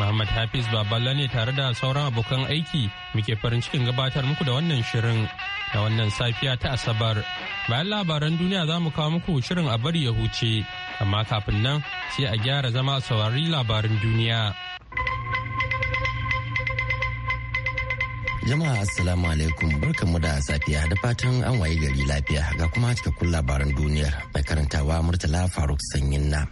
Muhammad Hafiz Baballa ne tare da sauran abokan aiki muke farin cikin gabatar muku da wannan shirin da wannan safiya ta Asabar. Bayan labaran duniya za mu kawo muku shirin a bari ya huce, amma kafin nan sai a gyara zama a saurari labarin duniya. Jama'a Assalamu alaikum barkanmu da safiya da fatan an waye gari lafiya ga kuma cikakkun labaran duniyar mai karantawa Murtala Faruk Sanyin na.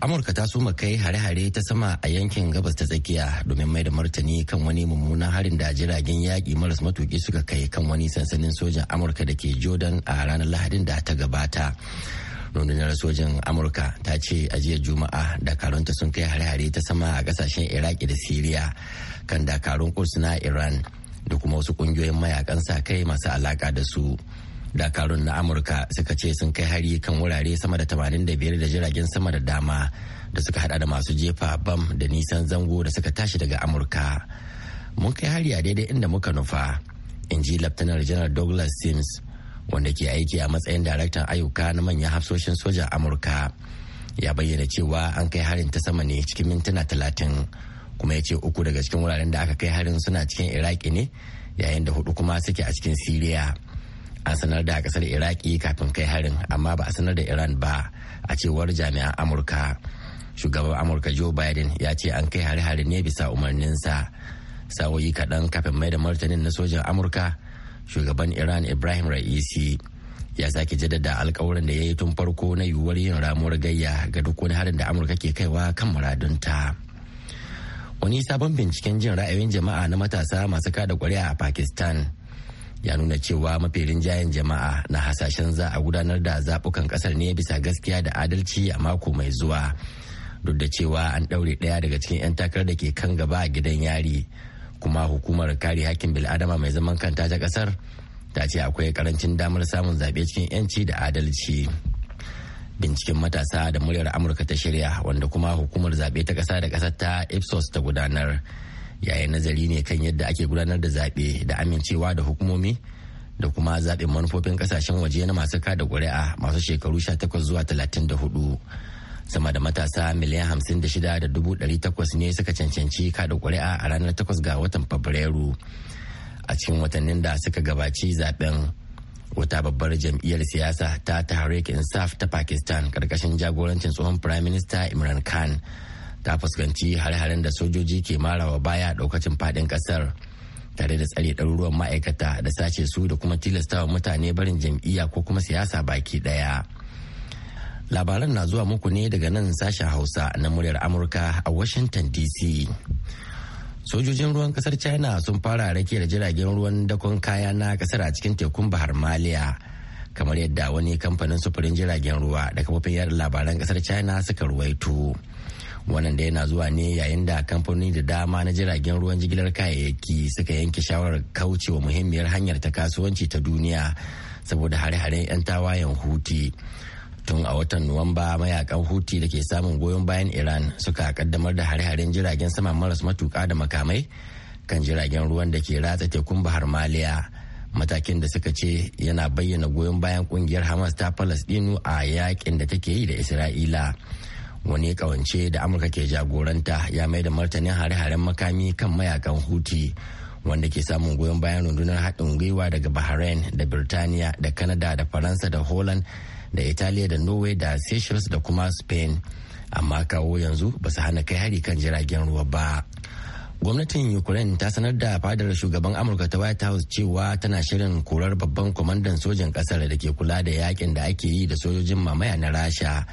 amurka ta suma kai hare-hare ta sama a yankin gabas ta tsakiya domin mai da martani kan wani mummunan harin da jiragen yaƙi maras matuƙi suka kai kan wani sansanin sojan amurka da ke jordan a ranar lahadin da ta gabata rundunar sojan amurka ta ce a jiya juma'a dakarunta sun kai hare-hare ta sama a kasashen iraki da siriya kan dakarun kurs na iran da kuma wasu ƙungiyoyin mayakan sa kai masu alaƙa da su dakarun na amurka suka ce sun kai hari kan wurare sama da 85 da jiragen sama da dama da suka hada da masu jefa bam da nisan zango da suka tashi daga amurka mun kai hari a daidai inda muka nufa in ji laftanar janar douglas sims wanda ke aiki a matsayin daraktan ayyuka na manyan hafsoshin sojan amurka ya bayyana cewa an kai harin ta sama ne cikin mintuna talatin kuma ya ce uku daga cikin wuraren da aka kai harin suna cikin iraki ne yayin da hudu kuma suke a cikin siriya a sanar da kasar iraki kafin kai harin amma ba a sanar da iran ba a cewar jami'an amurka shugaban amurka joe biden ya ce an kai hare-hare ne bisa umarninsa sa'o'i kaɗan kafin mai da martanin na sojan amurka shugaban iran ibrahim ra'isi ya sake jaddada alkawarin da ya yi tun farko na yiwuwar yin ramuwar gayya ga duk wani harin da amurka ke kaiwa kan muradunta wani sabon binciken jin ra'ayoyin jama'a na matasa masu kada ƙuri'a a pakistan ya nuna cewa mafi rinjayen jama'a na hasashen za a gudanar da zaɓukan ƙasar ne bisa gaskiya da adalci a mako mai zuwa duk da cewa an ɗaure ɗaya daga cikin 'yan takarar da ke kan gaba a gidan yari kuma hukumar kare hakkin bil'adama mai zaman kanta ta ƙasar ta ce akwai karancin damar samun zaɓe cikin 'yanci da adalci binciken matasa da muryar amurka ta shirya wanda kuma hukumar zaɓe ta ƙasa da ƙasar ta ipsos ta gudanar yayin nazari ne kan yadda ake gudanar da zaɓe da amincewa da hukumomi da kuma zaɓin manufofin ƙasashen waje na masu kada ƙuri'a masu shekaru 18 zuwa talatin hudu sama da matasa miliyan 56,800 ne suka cancanci kada ƙuri'a a ranar 8 ga watan fabrairu a cikin watannin da suka gabaci zaɓen wata babbar jam'iyyar siyasa ta tahrik insaf ta pakistan ƙarƙashin jagorancin tsohon firayim minista imran khan ta fuskanci hare-haren da sojoji ke marawa baya daukacin fadin kasar tare da tsare ɗaruruwan ma'aikata da sace su da kuma tilastawa mutane barin jam'iyya ko kuma siyasa baki ɗaya. labaran na zuwa muku ne daga nan sashen hausa na muryar amurka a washington dc sojojin ruwan kasar china sun fara rake da jiragen ruwan dakon kaya na kasar a cikin tekun bahar maliya kamar yadda wani kamfanin sufurin jiragen ruwa da kafofin yada labaran kasar china suka ruwaito. wannan da yana zuwa ne yayin da kamfanoni da dama na jiragen ruwan jigilar kayayyaki suka yanke shawarar kaucewa muhimmiyar hanyar ta kasuwanci ta duniya saboda hare-haren 'yan tawayen huti tun a watan nuwamba mayakan huti da ke samun goyon bayan iran suka kaddamar da hare-haren jiragen sama maras matuka da makamai kan jiragen ruwan da ke ratsa tekun bahar maliya matakin da suka ce yana bayyana goyon bayan kungiyar hamas ta palestinu a yakin da take yi da isra'ila wani kawance da amurka ke jagoranta ya mai da martanin hare-haren makami kan mayakan huti wanda ke samun goyon bayan rundunar haɗin gwiwa daga bahrain da birtaniya da Kanada da faransa da holland da italiya da norway da seychelles da kuma spain amma kawo yanzu ba su hana kai hari kan jiragen ruwa ba gwamnatin ukraine ta sanar da fadar shugaban amurka ta white house cewa tana shirin korar babban kwamandan Sojin kasar da ke kula da yakin da ake yi da sojojin mamaya na rasha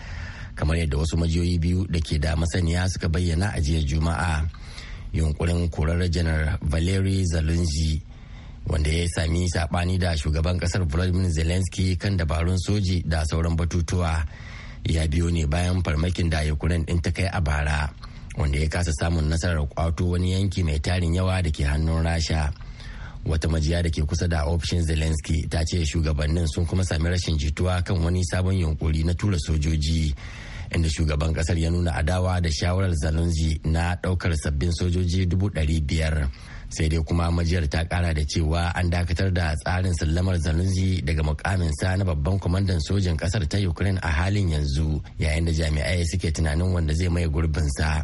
kamar yadda wasu majiyoyi biyu da ke da masaniya suka bayyana a jiya juma'a yunkurin kurar janar valeri zalunzi wanda ya sami sabani da shugaban kasar vladimir zelensky kan dabarun soji da sauran batutuwa ya biyo ne bayan farmakin da yunkurin din ta kai a bara wanda ya kasa samun nasarar kwato wani yanki mai tarin yawa da ke hannun rasha wata majiya da ke kusa da ofishin zelensky ta ce shugabannin sun kuma sami rashin jituwa kan wani sabon yunkuri na tura sojoji inda shugaban kasar ya nuna adawa da shawarar zelensky na daukar sabbin sojoji dubu biyar. sai dai kuma majiyar ta kara da cewa an dakatar da tsarin sallamar zalunzi daga mukaminsa na babban kwamandan sojin kasar ta ukraine a halin yanzu yayin da jami'ai suke tunanin wanda zai maye gurbinsa.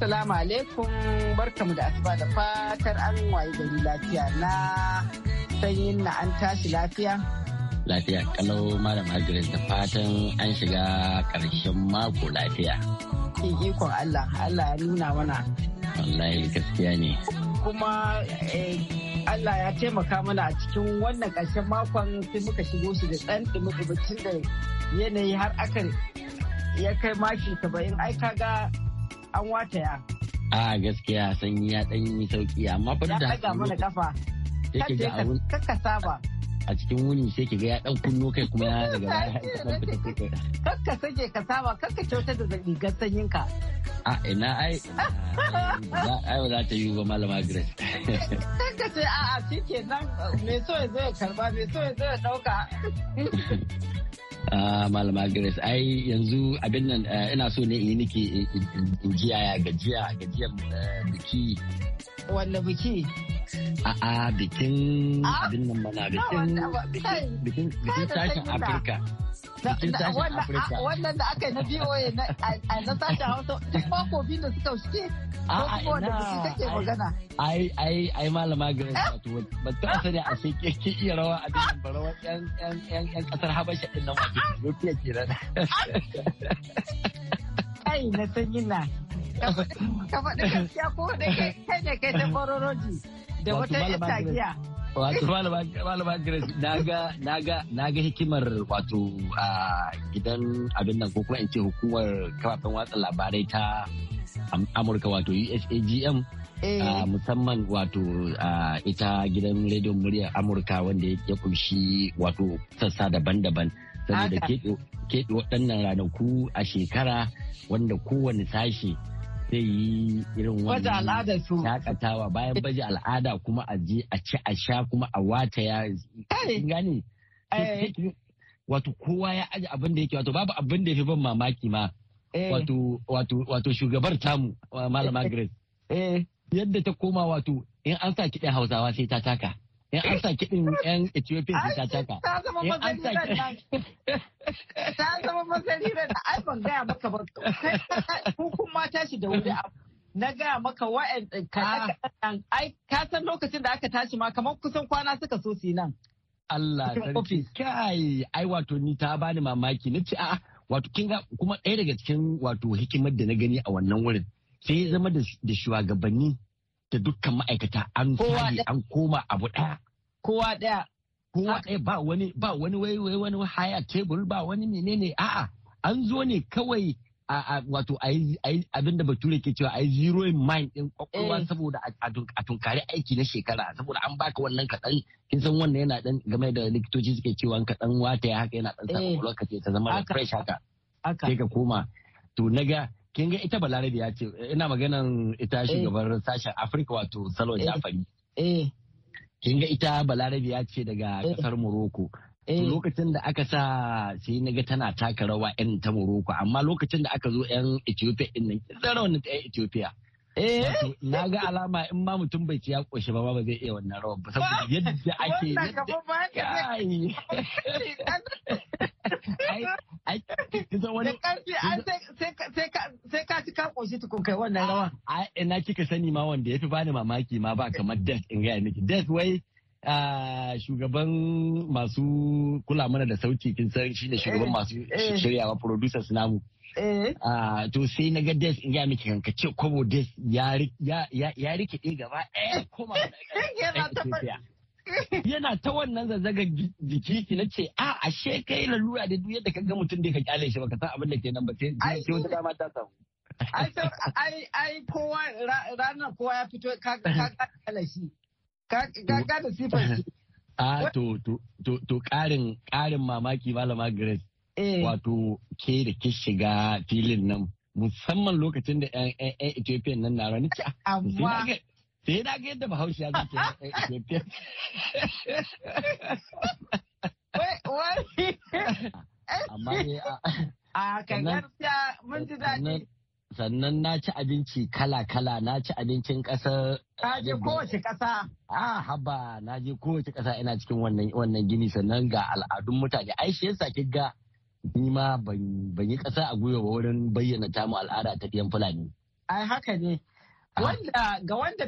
Assalamu alaikum barkamu da asuba da fatar an waye gari lafiya na sanyin na an tashi lafiya. Lafiya kalau Malam Margaret da fatan an shiga karshen mako lafiya. Kin ikon Allah, Allah ya nuna mana. Wallahi gaskiya ne. Kuma eh, Allah ya taimaka mana a cikin wannan karshen makon sai muka shigo shi da ɗan ɗumi da yanayi har akan ya kai maki saba'in ai ga. an wataya. A gaskiya sanyi ya ɗan yi sauki amma fa da haka mana kafa. Sai saba. A cikin wuni sai ki ga ya ɗan kunno kai kuma ya daga baya ya fita kai. sake ka saba kakka kyautar da rigar sanyin ka. A ina ai ai ba za ta yi ba malama Grace. Kakka ce a'a nan me so ya zo ya karba me so ya zo ya ɗauka. Ah, malama grace ai yanzu abin nan eh, ina so ne in nike in jiya ya gajiya gajiyar eh, biki wanda biki a'a bikin ah, abin nan mana bikin bikin sashen afirka Wannan da aka yi na BOA na sashen Hausa duk mako biyu da suka shige ko kuma wanda su take magana. Ai ai ai malama Grace wato ba ta sani a sai ke iya rawa a yan yan yan kasar Habasha din nan wato Ethiopia Ai na san yana. Ka faɗi gaskiya ko da kai ne kai ta kororoji da wata ita giya. wato malama grace na ga hikimar wato a gidan abin nan ko kuma in ce hukumar kafafen watsa labarai ta amurka wato usagm eh. musamman wato ita gidan rediyon Murya amurka wanda ya kunshi wato sassa daban-daban saboda keɓe waɗannan ranaku a shekara wanda kowane sashe zai yi irin wannan shakatawa bayan baje al'ada kuma a je a ci a sha kuma a wata ya gani wato kowa ya aji abin da yake wato babu abin da ya fi ban mamaki ma wato shugabar tamu malama grace yadda ta koma wato in an sa kiɗan hausawa sai ta taka Yan an sa kiɗin yan Ethiopia su sha taka. Ta zama mazarirar nan. Ta zama mazarirar da ai ban gaya maka ba. Hukun ma tashi da wuri na gaya maka wa'yan eh, kaɗan ai ka san lokacin da aka tashi ma kamar kusan kwana suka so su nan. Allah sarki kai ai wato ni ta bani mamaki na ce a'a wato kin ga kuma ɗaya daga cikin wato hikimar da na gani a wannan wurin sai ya zama da shugabanni da dukkan ma'aikata an kare an koma abu ɗaya. Kowa ɗaya. Kowa ɗaya ba wani ba wani wai wai wani haya tebur ba wani menene a'a an zo ne kawai a wato abin da bature ke cewa a yi zero in mind din kwakwalwa eh. saboda a tunkari aiki na shekara saboda an baka wannan kaɗan kin san wannan yana dan game da likitoci suke cewa kaɗan wata ya haka yana dan sa eh. lokaci ka ta zama fresh haka sai ka koma to naga kin ga ita balarabe ya ce ina maganan ita eh. shugaban sashen afirka wato Salon eh. jafari eh. kin ga ita balarabe ya ce daga kasar morocco lokacin da aka sa sai na ga tana taka rawa yan ta morocco amma lokacin da aka zo yan ethiopia din nan kin rawa ta yan ethiopia Eh. Na ga alama in ma mutum bai ci ya ƙoshi ba ba zai iya wannan rawar ba saboda yadda ake yadda ake sai ka ci ka ƙoshi tukun kai wannan rawa. Ah, ina kika sani ma wanda ya fi bani mamaki ma ba kamar Death in gaya miki. Death wai ah, shugaban masu kula mana da sauti kin san shine shugaban eh, masu eh. shiryawa producers namu. Eh? Ah, to sai na ga des in ya miki kanka ce kobo des ya rikide gaba ɗaya koma yana ta wannan zazzaga jiki ki na ce a ah, ashe kai lalura da duk yadda kaga mutum da ka kyale shi baka san abin da ke nan ba sai sai wata dama ta samu ai kowa ranar kowa ya fito ka kyale shi ka ga da sifar shi a ah, to to to karin karin mamaki malama Grace Eh. wato ke da ke shiga filin nan musamman lokacin da 'yan Ethiopia nan na rani ah, Amma. sai na ga yadda bahaushe ya zuke 'yan Ethiopia. Amma ne ah, a gagarta mun ji daɗi. Sannan na ci abinci kala-kala na ci abincin ƙasa Na ji kowace ƙasa. A haba na ji kowace ƙasa ina cikin wannan gini sannan ga al'adun mutane. Ai shi yasa ga ni ma ban yi ƙasa a gwiwa ba wurin bayyana ta tamu al'ada ta ɗiyan fulani. Ai haka ne. Wanda ga wanda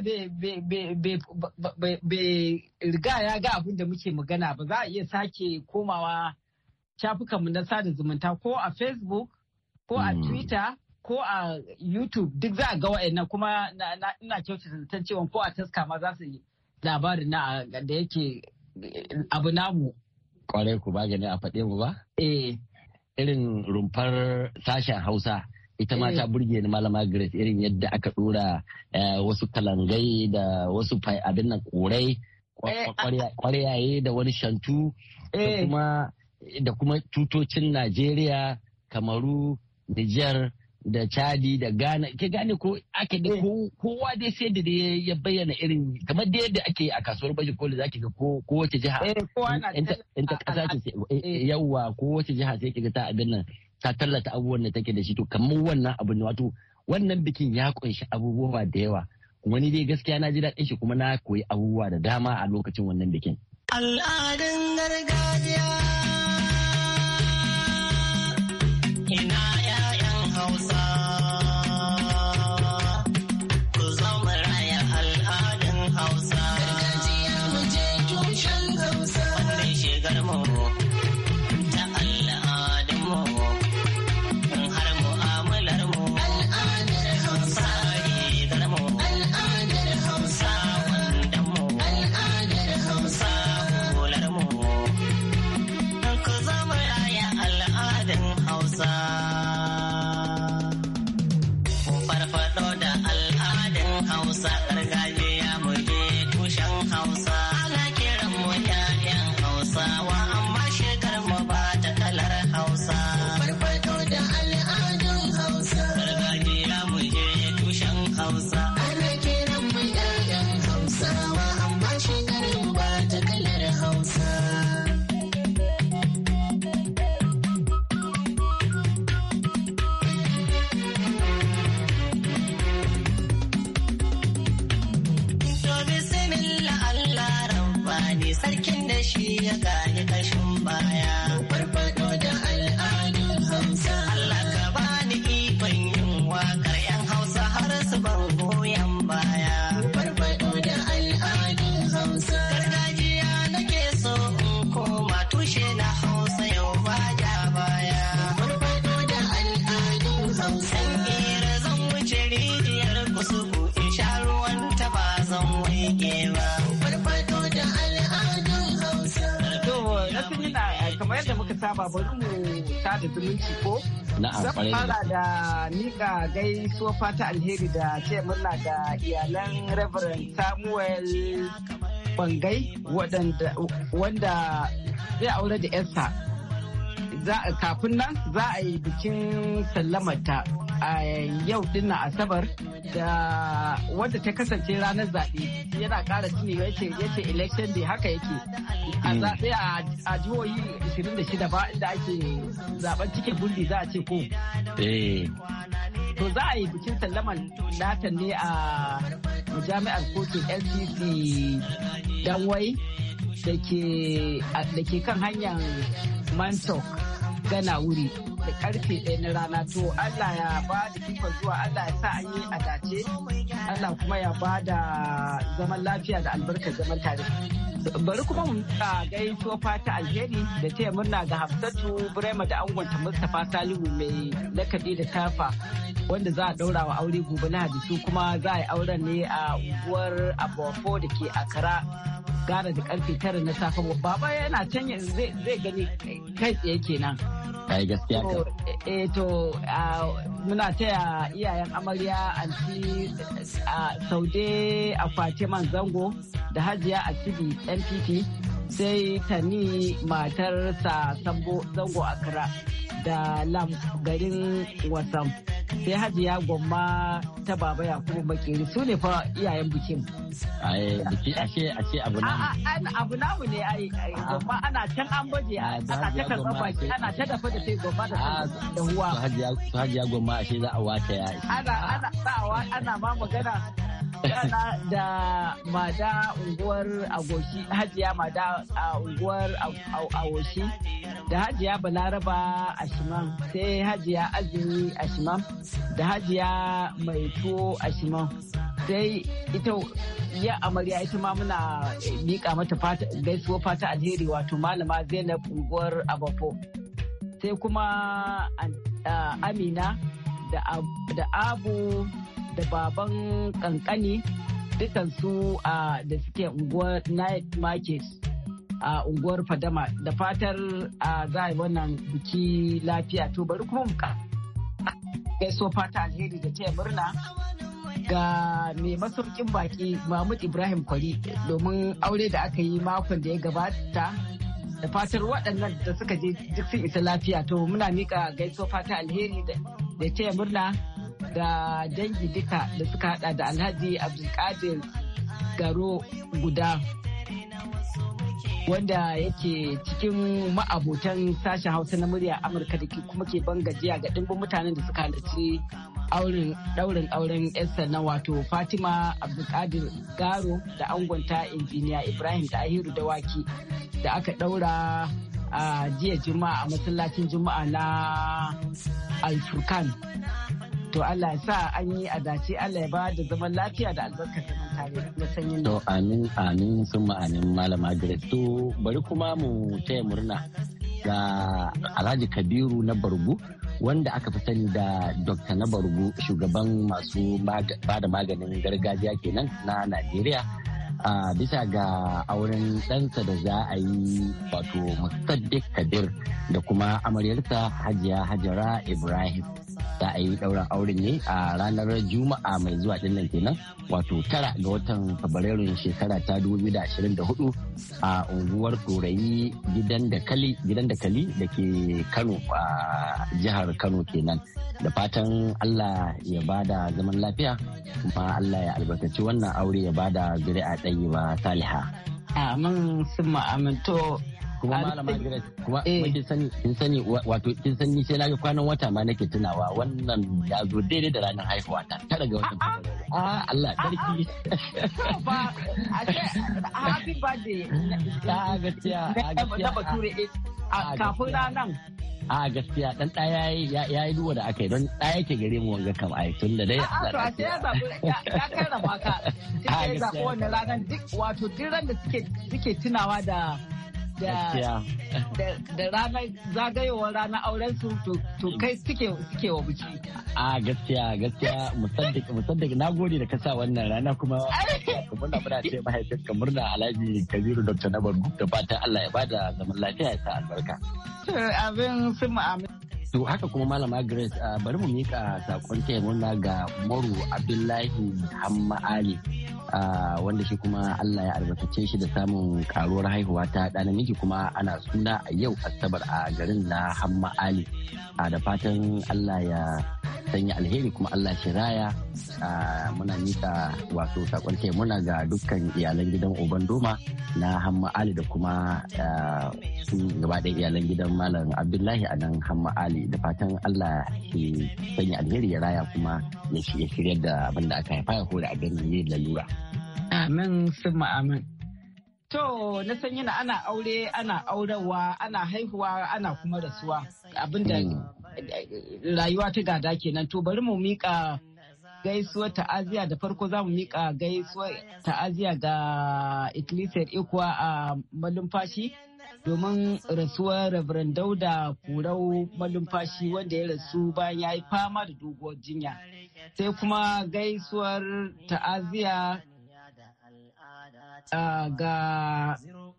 bai riga ya ga abin da muke magana ba za a iya sake komawa shafukanmu na sada zumunta ko a Facebook ko a hmm. Twitter ko a YouTube duk za a ga wa'annan kuma ina kyautata zaton cewa ko a taska ma za su yi labarin na da yake abu namu. Kwarai ku ba gani a faɗe mu ba? Eh. irin rumfar sashen hausa ita ma eh. ta burge ni malama grace irin yadda aka dora eh, wasu kalangai da wasu abin nan korai eh, kwaryaye da wani shantu da kuma tutocin najeriya kamaru nijar da chadi da ghana ke gane ko ake da eh. kowa dai sai da ya bayyana irin kamar da yadda ake a kasuwar baje koli zaki ga ko kowace jiha eh, in ta kasa ce eh, yawa kowace jiha sai kiga ta abin nan ta tallata abubuwan da take da shi to kamar wannan abu ne wato wannan bikin ya kunshi abubuwa da yawa wani dai gaskiya na ji daɗin shi kuma na koyi abubuwa da dama a lokacin wannan bikin al'adun gargajiya Hausa. na'am zan fara da nika gaisuwa fata alheri da ce murna da iyalan reverend samuel bangai wanda zai aure da yarsa kafin nan za a yi bikin sallamarta a yau din na asabar da wadda ta kasance ranar zaɓe yana ƙara tuni yace yace election day haka yake a hmm. zaɓe a jihohi 26 ba inda ake zaɓen cikin gundi za a ce ko eh. to za a yi bikin sallamar natan ne a jami'ar kotun lcc danwai da ke kan hanyar mantok gana wuri da karfe ɗaya na rana to Allah ya ba da kifa zuwa Allah ya sa an yi a dace Allah kuma ya ba da zaman lafiya da albarkar zaman tare. bari kuma mu a gaisuwa fata alheri da taya murna ga hafsatu burema da angonta mustapha salihu mai lakabi da tafa wanda za a daura wa aure gobe na su kuma za a yi auren ne a unguwar abofo da ke akara gara da karfe tara na safe baba yana can zai gani kai tsaye kenan ai gaskiya ka eh, eh to muna taya iyayen amarya anti saude a man zango da hajiya a cibi npp sai tani matarsa sambo zango akara da lam garin Wasan sai hajiya gwamma ta baba ya kuma makeri su ne fa iyayen bikin biki ashe ashe abu namu abu namu ne ai gwamma ana can an baje ana ta karɓa baki ana ta dafa da sai gwamma da da huwa hajiya hajiya gwamma ashe za a wata ya ana ana ana ma magana da mada unguwar agoshi hajiya mada a unguwar awoshi da hajiya balaraba a shiman sai hajiya azumi a shiman da hajiya mai tuwo a shiman sai ita ya amarya ita ma muna mika mata gaisuwa fata alheri wato malama zainab unguwar abafo sai kuma amina da abu da baban kankani dukansu da suke unguwar night market a unguwar fadama da fatar a zai wannan biki lafiya to bari kuma mu so fata alheri da taya murna ga mai masaukin baki mahmud ibrahim kwari domin aure da aka yi makon da ya gabata da fatar waɗannan da suka je duk sun isa lafiya to muna mika gaiso fata alheri da taya murna da dangi duka da suka hada da alhaji abdulkadir garo guda wanda yake cikin ma'abotan sashen hausa na murya amurka da kuma ke ban gajiya ga ɗimbin mutanen da suka halarci daurin auren yarsa na wato fatima abdulkadir garo da angonta injiniya ibrahim da ahiru dawaki da aka ɗaura a jiya juma'a a masallacin juma'a na alfurkan to Allah ya sa an yi a dace Allah ya ba da zaman lafiya da albarkar zaman tare na sanyin to amin amin sun ma'anin malama Grace to bari kuma mu taya murna ga Alhaji Kabiru na Bargu wanda aka fi sani da Dr. na Barugu shugaban masu ba da maganin gargajiya kenan na Najeriya a bisa ga auren ɗansa da za a yi wato musaddik Kabir da kuma amaryarsa Hajiya Hajara Ibrahim. za a yi ɗaurin auren ne a ranar juma'a mai zuwa ɗinnan kenan wato tara ga watan fabrairun shekara ta 2024 a unguwar turai gidan da kali gidan da kali da ke kano a jihar kano kenan da fatan allah ya bada zaman lafiya kuma allah ya albarkaci wannan aure ya bada a ɗaya ba saliha amin sun ma'aminto kuma malama Grace kuma eh. kin sani kin sani wato kin sani sai na ga kwanan wata ma nake tunawa wannan ya zo daidai da ranar haihuwa ta ta ga wannan a ah, ah. ah, Allah sarki ba a ce happy birthday ta gaskiya gaskiya bature kafin ranar a gaskiya dan ɗaya ya yi duwa da aka yi don ɗaya ke gare mu wanga kam ai tun da dai a to a sai ya zabu ya karrama ka sai ya zabi wannan ranar duk wato duk ran da suke tunawa da da ranar zagayowar ranar auren su to kai suke suke wa buci. A gaskiya gaskiya musaddik musaddik na gode da kasa wannan rana kuma muna muna ce mahaifin ka murna Alhaji Kabiru Dr. Nabaru da fatan Allah ya bada zaman lafiya ya sa albarka. Abin sun mu'amala. To haka kuma Malama Grace ah, bari mu mika sakon taya murna ga Moru Abdullahi Hamma Ali ah, wanda shi kuma Allah ya albarkace shi da samun karuwar haihuwa ta da namiji kuma ana suna a yau Asabar a garin na Hamma Ali ah, da fatan Allah ya sanya alheri kuma Allah shi raya ah, muna nika wato sakon ce muna ga dukkan iyalan gidan Oban Doma na Hamma Ali da kuma ah, su gaba da iyalan gidan Malam Abdullahi a nan Hamma Ali da fatan Allah shi sanya alheri ya raya kuma ya shirya da abin da aka haifa ya hore a ganin ne lalura. Amin sun amin. To, na san yana ana aure, ana aurewa ana haihuwa, ana kuma rasuwa. Abinda hmm. rayuwa ta gada kenan to bari mu mika gaisuwar ta'aziya da farko za mu mika gaisuwar ta'aziya ga ikkilisiyar ikuwa a malumfashi domin rasuwar Reverend Dauda Kurau malumfashi wanda ya rasu bayan ya yi fama da doguwar jinya. Sai kuma gaisuwar ta'aziya ga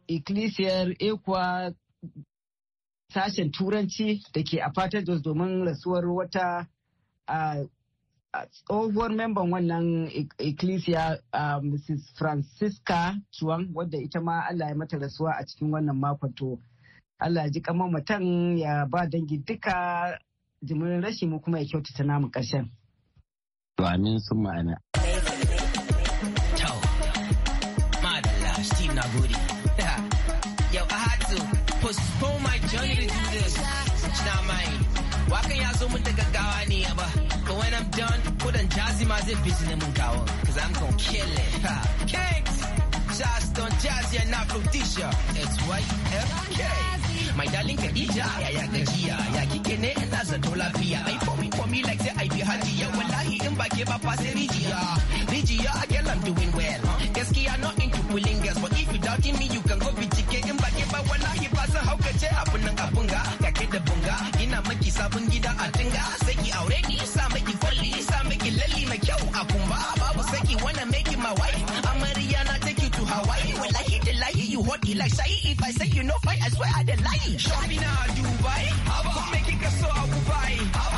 ikkilisiyar ikuwa sashen turanci da ke a fatar jos domin rasuwar wata tsohuwar memban wannan ecclesia mrs francisca chuang wadda ita ma allah ya mata rasuwa a cikin wannan makon to allah ji kamar mutan ya ba dangi duka jimirin rashi mu kuma ya kyautata namu ƙarshen. to sun ma'ana. Madalla Steve na postpone my journey to do this. It's not mine. Why can't Wakan ya zo mun da gaggawa ne ba. But when I'm done, put on jazzy ma zai fiti ne mun kawo. Cause I'm gonna kill it. Ha. Kings! Just on jazzy and Aphrodisia. It's YFK. My darling Khadija, ya ya gajiya, ya kike ne ina zato lafiya. Ai for me for me like the I be hajiya. Wallahi in ba but ba fa sai rijiya. Rijiya sabon gida a tinga saki aure ni sa miki kwalli sa miki lalli mai kyau a kumba babu saki wanna make it my wife amarya na take you to hawaii wallahi lie you hot like say if i say you no fight i swear i the lie show me na dubai about me kika so abu bai how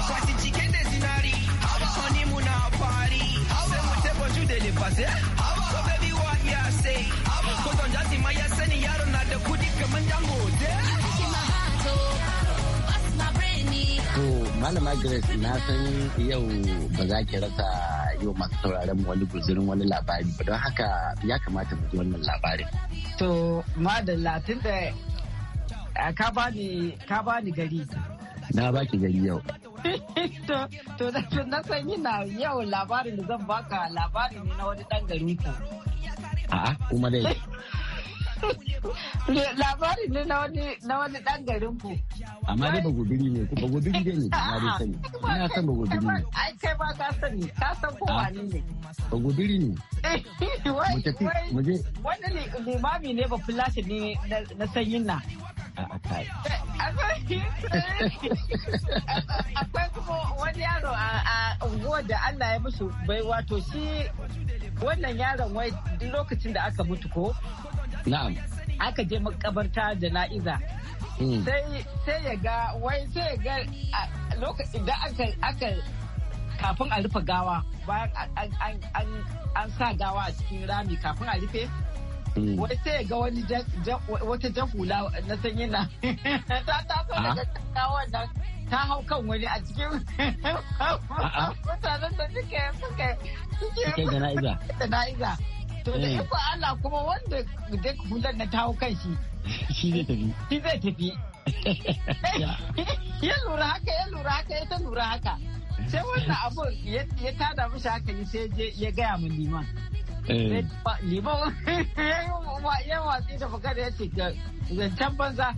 Malam Magret na san yau ba za ki rasa yau masu sauraron wani guzurin wani labari ba don haka ya kamata mu ji wannan labarin to madalla tun da ka bani gari na ba ki gari yau to da na san yana yau labarin da zan baka labari ne na wani dan gari ku a'a kuma dai labarin ne na wani na wani dan garin ku amma dai bagobiri ne bagobiri dai ne na dai sani ina san bagobiri ne ai kai ba ka sani ka san ko ah. wani ne bagobiri ne eh, mu tafi mu je wani ne limami ne ba fulashi ne na sanyin na eh, akwai kuma wani yaro a unguwar da Allah ya musu bai wato shi wannan yaron wai lokacin da aka mutu ko na'am aka je makabarta jana'iza hmm. sai ya ga wai sai ya ga lokacin da aka kafin a rufe gawa bayan an sa gawa a cikin rami kafin a rufe hmm. wai sai ya ga wani wata jahula na sanyi na ta taso ah. daga gawan nan ta hau kan wani a cikin ah, ah. mutanen da suke suke suke jana'iza to da eh. ikon Allah kuma wanda da hular na tawo kan shi shi zai tafi shi zai tafi ya lura haka ya lura haka ya ta lura haka sai wannan abun ya tada mishi haka sai ya gaya min liman eh. liman ya watsi da magana ya ce zancen banza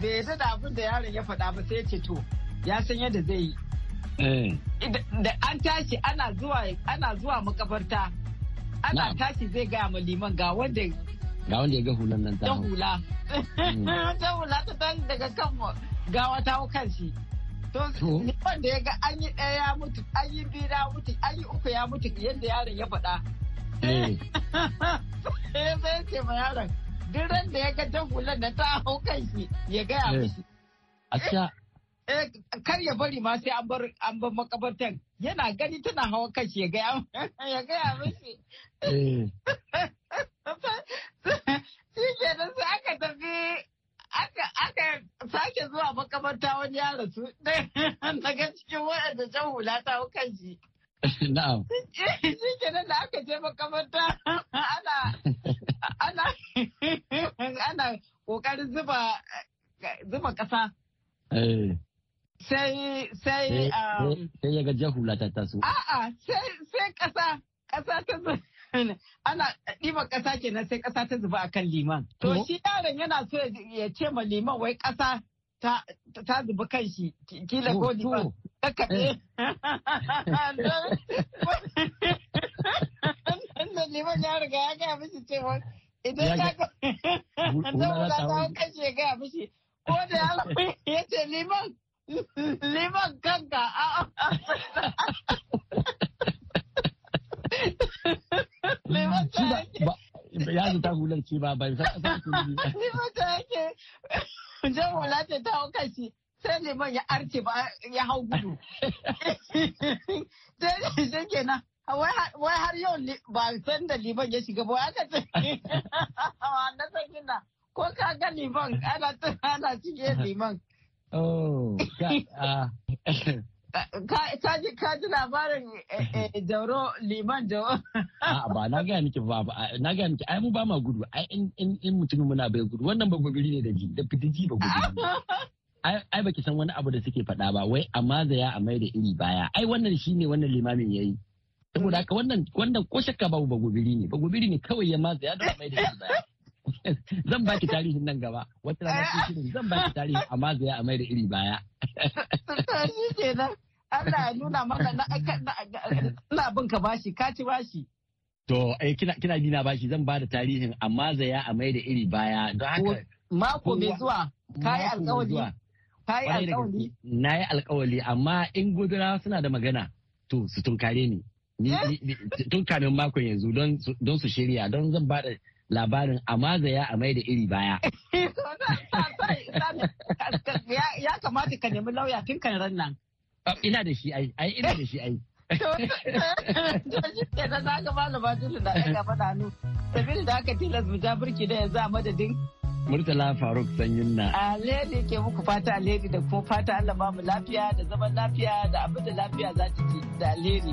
bai yadda da abin da yaron ya faɗa ba sai ya ce to ya san yadda zai yi eh. da an tashi ana zuwa makabarta ana tashi zai gaya ma liman ga wanda ga wanda ya ga hulan nan ta hula mm. ta hula ta dan daga kan gawa ta hau kan shi to liman da ya ga an yi ɗaya ya mutu an yi biyu ya mutu an yi uku ya mutu yadda yaron ya faɗa eh, eh sai ce ma yaron duk da ya ga ta hulan nan ta hau kan shi ya gaya eh. mishi Eh, kar ya bari ma sai an bar an bar makabartan yana gani tana hawa kashi ya gaya ya gaya mishi eh. shi ke nan sai aka tafi aka aka sake zuwa makabarta wani ya rasu daga cikin waɗanda jan hula ta hau kashi na'am shi ke nan da aka je makabarta ana ana ana kokarin zuba zuba ƙasa eh. sai um, sai sai ya ga jahula ta taso a'a sai sai kasa kasa ta zuba ana ɗiban kasa kenan sai kasa ta zuba akan liman to shi yaron yana so ya ce ma liman wai kasa ta zuba kan shi kila ko liman ta kaɗe wannan eh. liman ya riga ya gaya mishi cewa idan ya ga zan wula ta kashe ga mishi ko da ya ce liman Liman kanka a Liman ta ya ta hular ce ba bai san ƙasar kuri. Liman ta yake jan hula ta ta kashi sai liman ya arce ba ya hau gudu. Sai kenan wai har yau ba san da liman ya shiga ba aka ce na san ko ka ga liban ana ana cike liban Oh, ah. ka ji labarin eh, eh, jauro liman jauro. A'a ba na gaya miki ba na gaya miki ai mu ba ma gudu ai in mutumin muna bai gudu wannan ba ne da ji da fitiji ba gudu. Ai baki san wani abu da suke faɗa ba wai amma da ya amai da iri baya ai wannan shine wannan limamin yayi. Saboda haka wannan ko shakka ba guduri ne ba guduri ne kawai ya matsa ya da amai da iri baya. zan baki tarihin nan gaba wata rana ce shirin zan baki tarihin amma zai a mai da iri baya tarihi kenan Allah ya nuna mana na ina bin ka bashi ka ci bashi to eh kina kina bi na bashi zan ba da tarihin amma zai a mai da iri baya don haka mako mai zuwa kai alƙawari kai alƙawari nayi alƙawari amma in gudura suna da magana to su tunkare ni eh? tun kamin makon yanzu don su shirya don zan ba da labarin a zaya a mai da iri baya. Ya kamata ka nemi lauya tun kan ran nan. Ina da shi ai, ai ina da shi ai. Shi na za ka ba da bajulu da ɗaga faɗa nu. Sabili da aka tilas mu ja birki da yanzu a madadin Murtala Faruk Sanyin na. Alheri ke muku fata alheri da kuma fata Allah ba mu lafiya da zaman lafiya da abin da lafiya za ta ci da alheri.